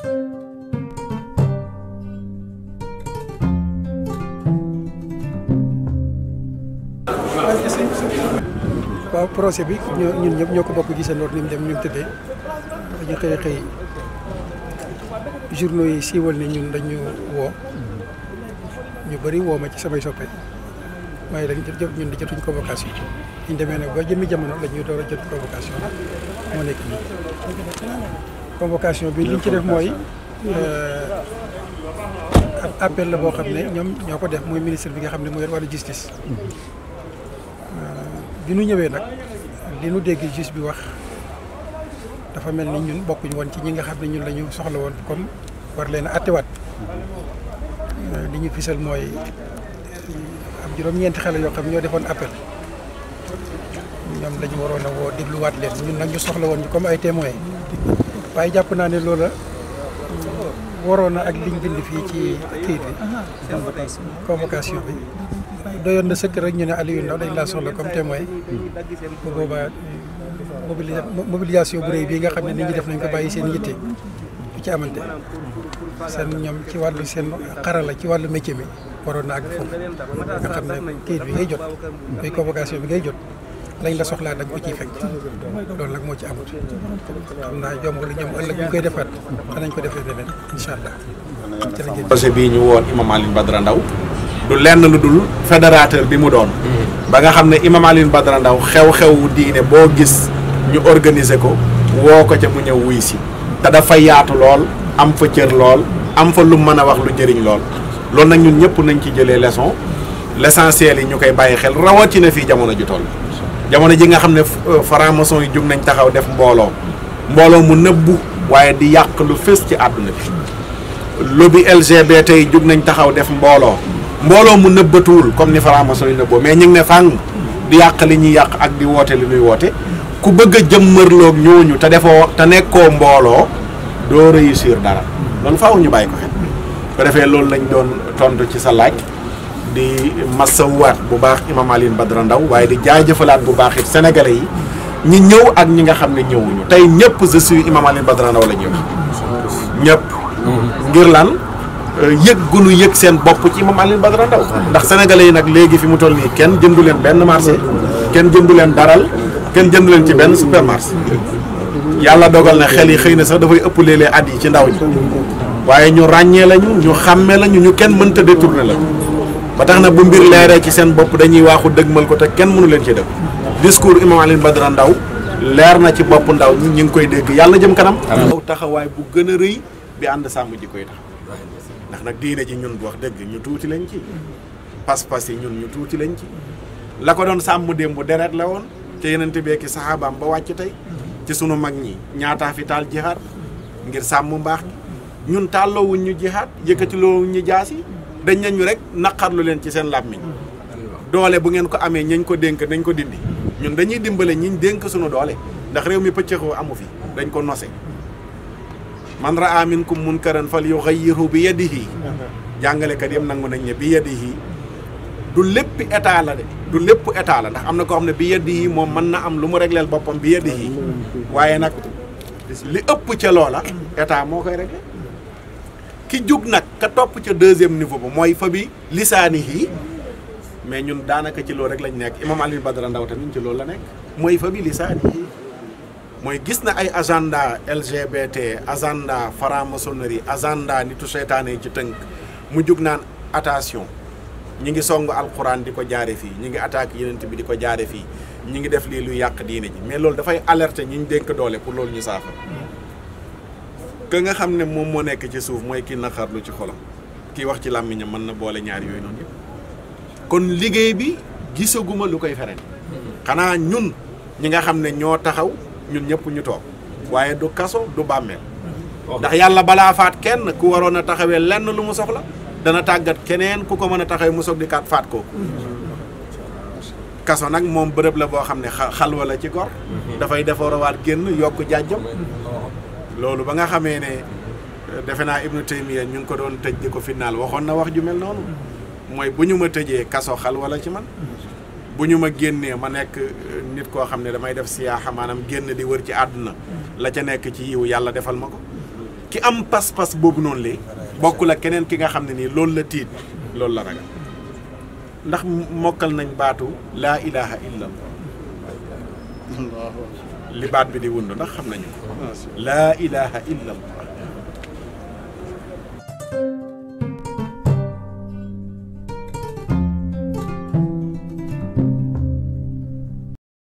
waaw projet bi ñun ñëpp ñoo ko bokk gisandoor ni mu dem ni mu tëddee dañu xëy xëy journaux yi siiwal ne ñun dañu woo ñu bëri woo ma ci samay soppe waaye dañ jot ñun di jotuñ convocation ñu demee nag ba jëmmi jamono la ñuy door a jot convocation moo nekk nii convocation bi li ñu ci def mooy ab euh, appel la boo xam ne ñoom ñoo ko def mooy ministre bi nga xam ne moo yor wàllu justice. Euh, bi nu ñëwee nag li nu dégg justice bi wax dafa mel ni ñun bokkuñu woon ci ñi nga xam ne ñun la soxla woon comme war leen a attewaat euh, li ñu fisal mooy am juróom-ñeenti xale yoo ñoo defoon appel. ñoom la ñu waroon a woo dégluwaat leen ñu soxla woon comme ay témoins. waaye jàpp naa ne loola hmm, waroon na ak liñ bind fii ci kayit bi convocation bi doyoon na sëkk rek ñu ne Aliou Ndao dañ laa soxla comme témoin bu boobaa mobilisation bu rëy bii nga xam ne nit ñi def nañ ko bàyyi seen yitte bu ci amante seen ñoom ci wàllu seen xarala ci wàllu métier mi waroon na ak foofu nga xam ne kayit bi ngay jot muy convocation bi ngay jot lañ la soxlaa da nga ciy fekk loolu nag moo ci amut xam naa yombul ñoom ëllëg bu koy defaat danañ ko defee leneen incha allah. projet bii ñu woon imam Alioune Badara ndaw lu lenn lu dul fédérateur bi mu doon. Mm-hmm. ba nga xam ne imam Alioune Badara ndaw xew xew wu diine boo gis ñu organiser ko woo ko ca mu ñëw wuy si. te dafa yaatu lool am fa cër lool am fa lu mën a wax lu jëriñ lool loolu nag ñun ñëpp nañ ci jëlee leçon l'essentiel yi ñu koy bàyyi xel rawatina fii jamono ju toll. jamono ji nga xam ne euh, franc-maçon yi jub nañ taxaw def mbooloo mbooloo mu nëbbu waaye di yàq lu fës ci àdduna bi lobby LGBT yi jub nañ taxaw def mbooloo mbooloo mu nëbbatuwul comme ni franc-maçon yi nëbboo mais ñu ngi ne fàng di yàq li ñuy yàq ak di woote li ñuy woote ku bëgg a jëmmërloog ñooñu te defoo te nekkoo mbooloo doo réussir dara loolu faw ñu bàyyi ko xel bu defee loolu lañ doon tontu ci sa laaj di masa bu baax imam Aline badra Ndaw waye di jaajeufalat bu baax it sénégalais yi ñi ñew ak ñi nga xam ñewuñu tay ñepp je suis imam Aline badra Ndaw la ñew ñepp ngir lan euh, gunu yek seen bop ci imam Aline badra Ndaw ndax sénégalais yi nag legi fi mu toll nii kenn jëndu len benn marché kenn jëndu len daral kenn jëndu len ci benn supermarché yalla dogal na xel yi xeyna sax da fay ëpp lélé léeg yi ci ndaw ñi waye ñu ragné lañu ñu xamé lañu ñu kenn mënta détourner lañu ba tax na bu mbir leeree ci seen bopp dañuy waaxu dëgmal ko te kenn mënu leen ci dëgg discours imam Alioune Badara ndaw leer na ci bopp ndaw ñi ñu ngi koy dégg yàlla jëm kanam taxawaay bu gën a rëy bi ànd sàmm ji koy tax ndax nag diine ji ñun bu wax dëgg ñu tuuti lañ ci pas-pas yi ñun ñu tuuti lañ ci la ko doon sàmm démb bu deret la woon ca yeneen beeki saxaabaam ba wàcc tey ci sunu mag ñi ñaataa fi taal jihaat ngir sàmm mbaax gi ñun tàlloowuñ ñu jihaat yëkkatiloowuñ ñu jaas yi dañ ne ñu rek naqarlu leen ci seen làmmiñ doole bu ngeen ko amee ñañ ko dénk nañ ko dindi ñun dañuy dimbale ñiñ dénk suñu doole ndax réew mi pëccëxoo amu fi dañ ko nose man raa minkum munkaran fal yughayyiru bi yadihi jàngalekat yëpp nangu nañ ne bi yadihi du lépp état la de du lépp état la ndax am na koo xam ne bi yadihi moom mën na am lu mu régleel boppam bi yadihi waaye nag li ëpp ca loola état moo koy réglé ki jóg nag ka topp ca deuxième niveau ba mooy fa bi lisaani yi mais ñun daanaka ci loolu rek lañ nekk imam Aliou Badara Ndaw tamit ci loolu la nekk mooy fa bi lisaani yi mooy gis na ay agenda LGBT agenda franc-maçonnerie agenda nitu seytaane ci tënk mu jug naan attention ñi ngi song alxuraan di ko jaare fii ñi ngi attaque yenent bi di ko jaare fii ñi ngi def lii lu yàq diine ji mais loolu dafay alerter ñi ñu dénk doole pour loolu ñu saafara que nga xam ne moom moo nekk ci suuf mooy kii naqarlu ci xolam kii wax ci làmmiñam mën na boole ñaari yooyu noonu yëpp kon liggéey bi gisaguma lu koy feren xanaa ñun ñi nga xam ne ñoo taxaw ñun ñëpp ñu toog waaye du kaso du bàmmeel ndax yàlla balaa faat kenn ku waroon a taxawee lenn lu mu soxla dana tàggat keneen ku ko mën a taxawee mu soog faat kooku kaso nag moom bërëb la boo xam ne xalwa la ci gor mhm. dafay defarawaat génn yokk jàjjam mhm. loolu ba nga xamee ne euh, defe naa ibnu taymiya ñu ngi ko doon tëj di ko finnaal waxoon na wax ju mel noonu mooy bu ñu ma tëjee kaso xal wala ci man bu ñu ma génnee ma nekk euh, nit koo xam ne damay def siyaaxa maanaam génn di wër ci àdduna la ca nekk ci yiw yàlla defal ma ko ki am pas-pas boobu noonu li bokk la keneen ki nga xam ne nii loolu la tiit loolu la ragal ndax mokkal nañ baatu laa ilaha illa لبعض بدي ونو نخم نيو لا إله إلا الله